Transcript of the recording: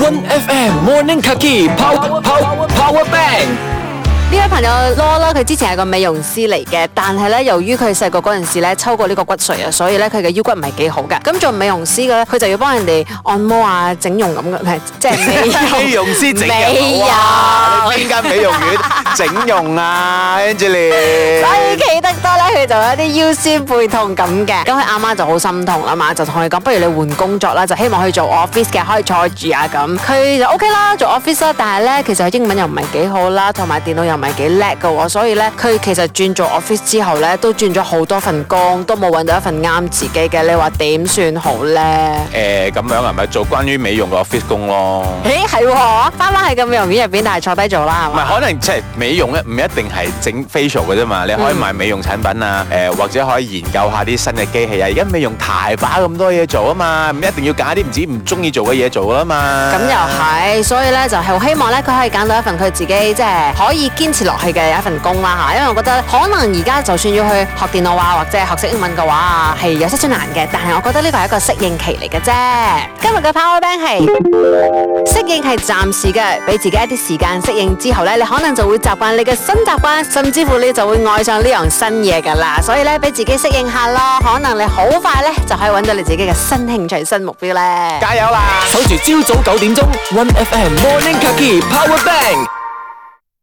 One FM Morning Cookie Power Bang 呢位朋友 Lola，佢之前係個美容師嚟嘅，但係咧由於佢細個嗰陣時咧抽過呢個骨髓啊，所以咧佢嘅腰骨唔係幾好嘅。咁做美容師嘅咧，佢就要幫人哋按摩啊、整容咁嘅，係即係美容師 美容 美容 整容？啊？邊 間美容院整容啊 ，Angela？ 就有一啲腰痠背痛咁嘅，咁佢阿媽就好心痛啊嘛，就同佢講，不如你換工作啦，就希望可以做 office 嘅，可以坐住啊咁。佢就 O K 啦，做 office 啦，但係咧其實英文又唔係幾好啦，同埋電腦又唔係幾叻噶，所以咧佢其實轉做 office 之後咧都轉咗好多份工，都冇搵到一份啱自己嘅，你話點算好咧？誒，咁樣係咪做關於美容嘅 office 工咯？誒，係，啱啱係咁美容院入邊，但係坐低做啦，係嘛？唔係，可能即係美容咧唔一定係整 facial 嘅啫嘛，你可以賣美容產品啊。誒、呃，或者可以研究一下啲新嘅機器啊！而家未用大把咁多嘢做啊嘛，唔一定要揀啲唔止唔中意做嘅嘢做啊嘛。咁又係，所以咧就係好希望咧，佢可以揀到一份佢自己即係、就是、可以堅持落去嘅一份工啦吓。因為我覺得可能而家就算要去學電腦啊，或者學識英文嘅話，係有失之難嘅。但係我覺得呢個係一個適應期嚟嘅啫。今日嘅 Power Bank 係適 應係暫時嘅，俾自己一啲時間適應之後咧，你可能就會習慣你嘅新習慣，甚至乎你就會愛上呢樣新嘢噶啦。所以咧，俾自己適應下咯，可能你好快咧，就可以揾到你自己嘅新興趣、新目標咧。加油啦！守住朝早九點鐘，One FM Morning Cookie Power Bank。